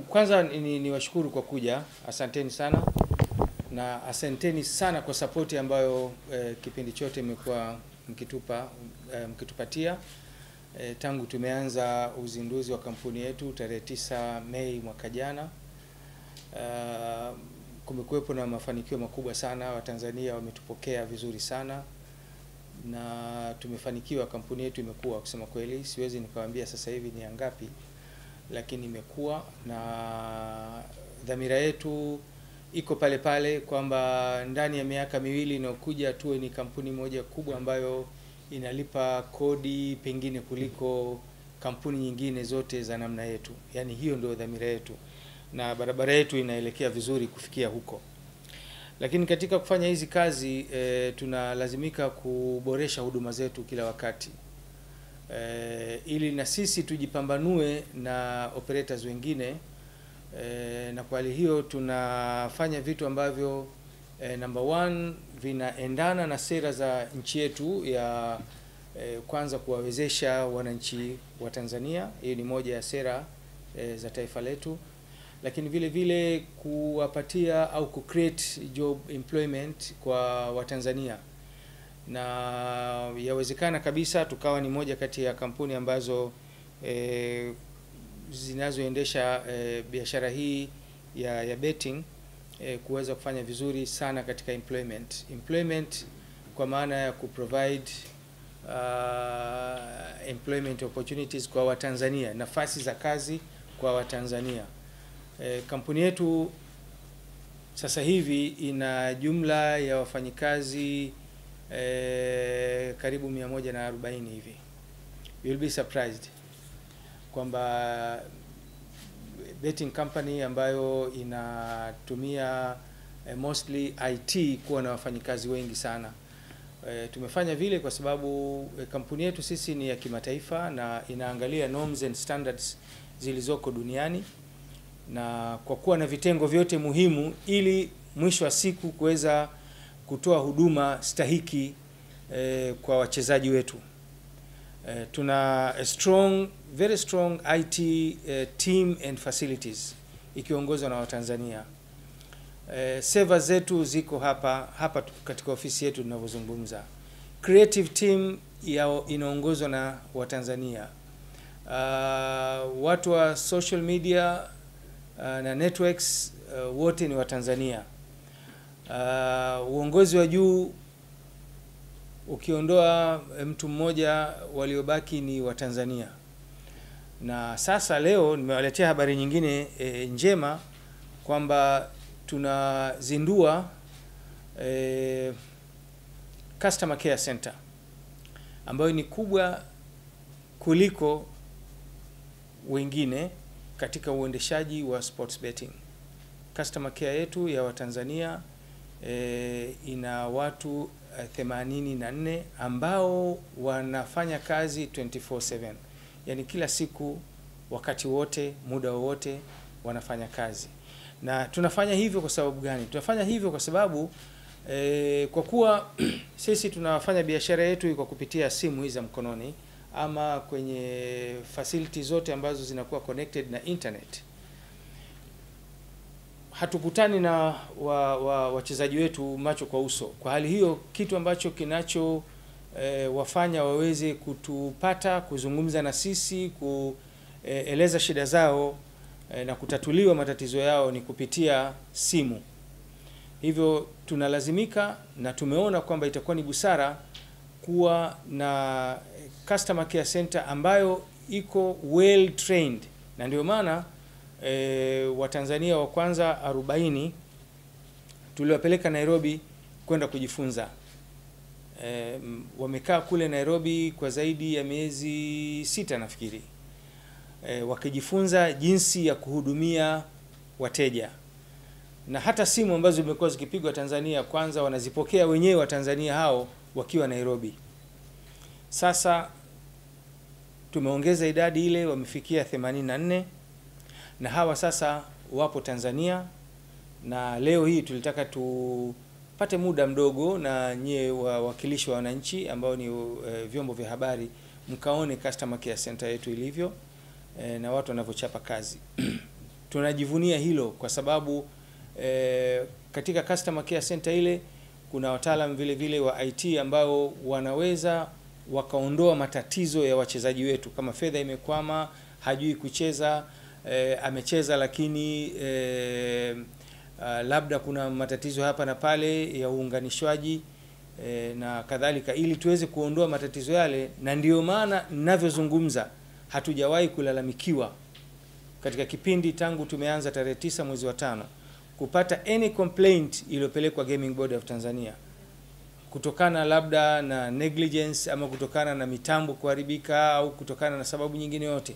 Kwanza niwashukuru ni kwa kuja, asanteni sana na asanteni sana kwa sapoti ambayo eh, kipindi chote mmekuwa mkitupa eh, mkitupatia eh, tangu tumeanza uzinduzi wa kampuni yetu tarehe tisa Mei mwaka jana. Uh, kumekuwepo na mafanikio makubwa sana, Watanzania wametupokea vizuri sana na tumefanikiwa, kampuni yetu imekuwa. Kusema kweli, siwezi nikawaambia sasa hivi ni angapi, lakini imekuwa na dhamira yetu iko pale pale kwamba ndani ya miaka miwili inayokuja tuwe ni kampuni moja kubwa ambayo inalipa kodi pengine kuliko kampuni nyingine zote za namna yetu. Yaani hiyo ndio dhamira yetu, na barabara yetu inaelekea vizuri kufikia huko. Lakini katika kufanya hizi kazi e, tunalazimika kuboresha huduma zetu kila wakati e, ili na sisi tujipambanue na operators wengine e, na kwa hali hiyo tunafanya vitu ambavyo e, number one vinaendana na sera za nchi yetu ya e, kwanza kuwawezesha wananchi wa Tanzania. Hiyo ni moja ya sera e, za taifa letu, lakini vile vile kuwapatia au kucreate job employment kwa Watanzania na yawezekana kabisa tukawa ni moja kati ya kampuni ambazo e, zinazoendesha e, biashara hii ya, ya betting e, kuweza kufanya vizuri sana katika employment employment kwa maana ya kuprovide uh, employment opportunities kwa Watanzania, nafasi za kazi kwa Watanzania. E, kampuni yetu sasa hivi ina jumla ya wafanyikazi e, karibu 140 hivi. will be surprised kwamba betting company ambayo inatumia e, mostly IT kuwa na wafanyikazi wengi sana. E, tumefanya vile kwa sababu e, kampuni yetu sisi ni ya kimataifa na inaangalia norms and standards zilizoko duniani na kwa kuwa na vitengo vyote muhimu ili mwisho wa siku kuweza kutoa huduma stahiki eh, kwa wachezaji wetu. Eh, tuna a strong, very strong IT eh, team and facilities ikiongozwa na Watanzania. Eh, seva zetu ziko hapa hapa katika ofisi yetu tunavyozungumza. Creative team yao inaongozwa na Watanzania. Uh, watu wa social media uh, na networks uh, wote ni Watanzania. Uh, uongozi wa juu ukiondoa eh, mtu mmoja, waliobaki ni Watanzania. Na sasa leo nimewaletea habari nyingine e, njema kwamba tunazindua e, Customer Care Center ambayo ni kubwa kuliko wengine katika uendeshaji wa sports betting. Customer care yetu ya Watanzania e, ina watu 84 eh, ambao wanafanya kazi 24/7, yani kila siku, wakati wote, muda wowote wanafanya kazi. Na tunafanya hivyo kwa sababu gani? Tunafanya hivyo kwa sababu e, kwa kuwa sisi tunafanya biashara yetu kwa kupitia simu hizi za mkononi ama kwenye facility zote ambazo zinakuwa connected na internet hatukutani na wachezaji wa, wa wetu macho kwa uso. Kwa hali hiyo, kitu ambacho kinacho e, wafanya waweze kutupata, kuzungumza na sisi, kueleza shida zao e, na kutatuliwa matatizo yao ni kupitia simu. Hivyo tunalazimika na tumeona kwamba itakuwa ni busara kuwa na customer care center ambayo iko well trained, na ndio maana e, Watanzania wa kwanza 40 tuliwapeleka Nairobi kwenda kujifunza. E, wamekaa kule Nairobi kwa zaidi ya miezi sita nafikiri, e, wakijifunza jinsi ya kuhudumia wateja na hata simu ambazo zimekuwa zikipigwa Tanzania kwanza wanazipokea wenyewe Watanzania hao wakiwa Nairobi. Sasa tumeongeza idadi ile, wamefikia ha4 na hawa sasa wapo Tanzania, na leo hii tulitaka tupate muda mdogo na nyie wawakilishi wa wananchi ambao ni uh, vyombo vya habari mkaone customer care center yetu ilivyo eh, na watu wanavyochapa kazi. Tunajivunia hilo kwa sababu eh, katika customer care center ile kuna wataalam vile vile wa IT ambao wanaweza wakaondoa matatizo ya wachezaji wetu, kama fedha imekwama, hajui kucheza eh, amecheza lakini eh, eh, labda kuna matatizo hapa na pale ya uunganishwaji eh, na kadhalika, ili tuweze kuondoa matatizo yale, na ndio maana ninavyozungumza hatujawahi kulalamikiwa katika kipindi tangu tumeanza tarehe tisa mwezi wa tano kupata any complaint iliyopelekwa Gaming Board of Tanzania kutokana labda na negligence ama kutokana na mitambo kuharibika au kutokana na sababu nyingine yote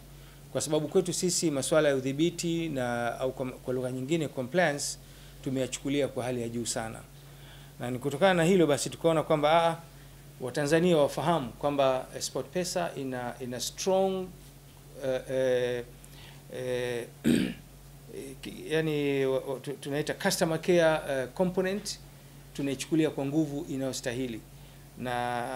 kwa sababu kwetu sisi masuala ya udhibiti na au kwa lugha nyingine compliance tumeyachukulia kwa hali ya juu sana, na ni kutokana na hilo basi tukaona kwamba a Watanzania wafahamu kwamba SportPesa ina, ina strong uh, uh, uh, yani tunaita customer care uh, component tunaichukulia kwa nguvu inayostahili na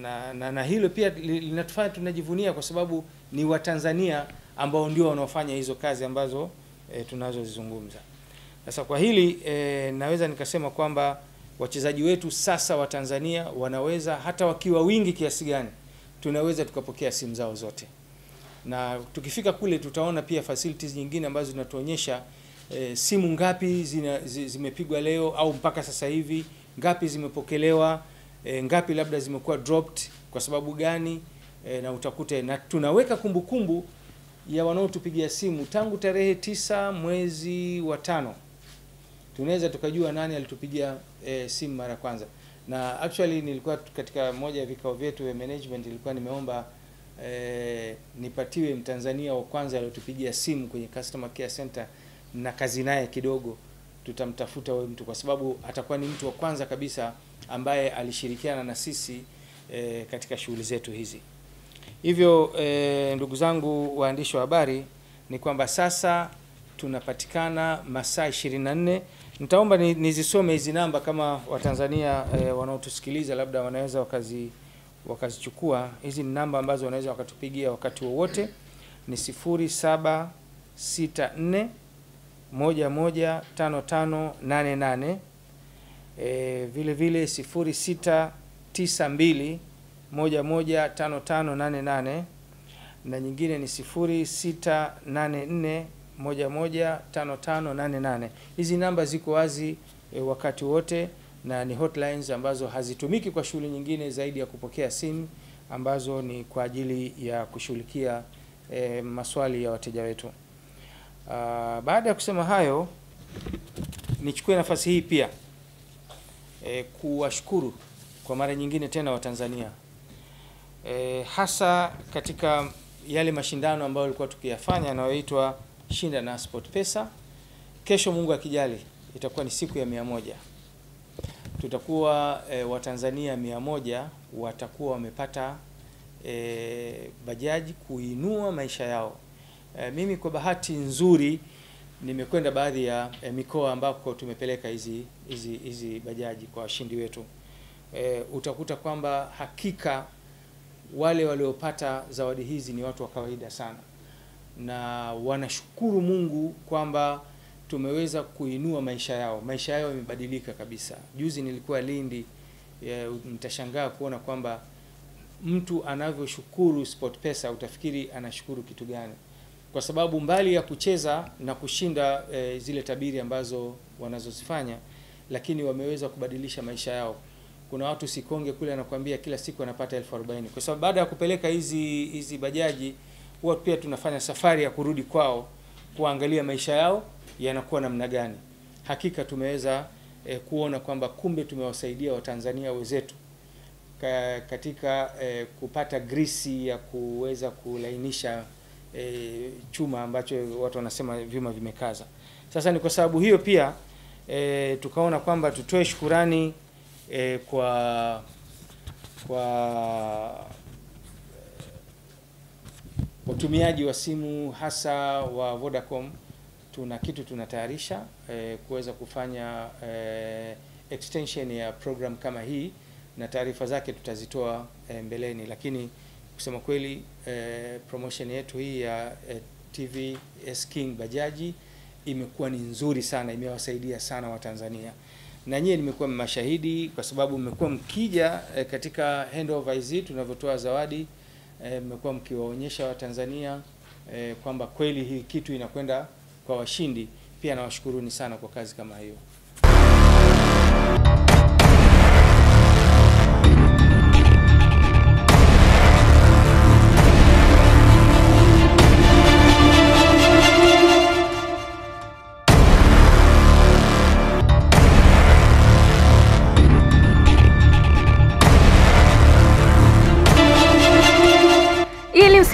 na, na na hilo pia linatufanya tunajivunia kwa sababu ni Watanzania ambao ndio wanaofanya hizo kazi ambazo e, tunazozizungumza. Sasa kwa hili e, naweza nikasema kwamba wachezaji wetu sasa wa Tanzania wanaweza hata wakiwa wingi kiasi gani, tunaweza tukapokea simu zao zote, na tukifika kule tutaona pia facilities nyingine ambazo zinatuonyesha e, simu ngapi zina, zi, zimepigwa leo au mpaka sasa hivi, ngapi zimepokelewa, e, ngapi labda zimekuwa dropped kwa sababu gani e, na utakute na tunaweka kumbukumbu kumbu ya wanaotupigia simu tangu tarehe tisa mwezi wa tano tunaweza tukajua nani alitupigia e, simu mara kwanza. Na actually nilikuwa katika moja ya vikao vyetu vya management, nilikuwa nimeomba e, nipatiwe mtanzania wa kwanza aliyotupigia simu kwenye customer care center na kazi naye kidogo, tutamtafuta huyo mtu kwa sababu atakuwa ni mtu wa kwanza kabisa ambaye alishirikiana na sisi e, katika shughuli zetu hizi. Hivyo e, ndugu zangu waandishi wa habari, ni kwamba sasa tunapatikana masaa 24. Nitaomba nizisome hizi namba kama Watanzania e, wanaotusikiliza labda wanaweza wakazi wakazichukua. Hizi ni namba ambazo wanaweza wakatupigia wakati wowote, ni 0764 115588 eh, vile vile 0692 115588 na nyingine ni 0684115588. Hizi namba ziko wazi e, wakati wote na ni hotlines ambazo hazitumiki kwa shughuli nyingine zaidi ya kupokea simu ambazo ni kwa ajili ya kushughulikia e, maswali ya wateja wetu. Ah, baada ya kusema hayo nichukue nafasi hii pia e, kuwashukuru kwa mara nyingine tena Watanzania e, hasa katika yale mashindano ambayo ilikuwa tukiyafanya yanayoitwa Shinda na Sport Pesa. Kesho Mungu akijali itakuwa ni siku ya mia moja tutakuwa e, Watanzania mia moja watakuwa wamepata e, bajaji kuinua maisha yao. E, mimi kwa bahati nzuri nimekwenda baadhi ya e, mikoa ambako tumepeleka hizi hizi hizi bajaji kwa washindi wetu. E, utakuta kwamba hakika wale waliopata zawadi hizi ni watu wa kawaida sana, na wanashukuru Mungu kwamba tumeweza kuinua maisha yao. Maisha yao yamebadilika kabisa. Juzi nilikuwa Lindi, mtashangaa kuona kwamba mtu anavyoshukuru SportPesa, utafikiri anashukuru kitu gani, kwa sababu mbali ya kucheza na kushinda e, zile tabiri ambazo wanazozifanya, lakini wameweza kubadilisha maisha yao kuna watu Sikonge kule anakuambia kila siku anapata elfu arobaini kwa sababu baada ya kupeleka hizi hizi bajaji huwa pia tunafanya safari ya kurudi kwao kuangalia maisha yao yanakuwa namna gani. Hakika tumeweza eh, kuona kwamba kumbe tumewasaidia Watanzania wenzetu ka, katika eh, kupata grisi ya kuweza kulainisha eh, chuma ambacho watu wanasema vyuma vimekaza. Sasa ni kwa sababu hiyo pia eh, tukaona kwamba tutoe shukurani e, kwa kwa watumiaji eh, wa simu hasa wa Vodacom tuna kitu tunatayarisha e, kuweza kufanya e, extension ya program kama hii na taarifa zake tutazitoa e, mbeleni, lakini kusema kweli e, promotion yetu hii ya e, TV S King Bajaji imekuwa ni nzuri sana, imewasaidia sana Watanzania na nyie nimekuwa mashahidi kwa sababu mmekuwa mkija e, katika handover hizi tunavyotoa zawadi eh, mmekuwa e, mkiwaonyesha Watanzania e, kwamba kweli hii kitu inakwenda kwa washindi. Pia nawashukuruni sana kwa kazi kama hiyo.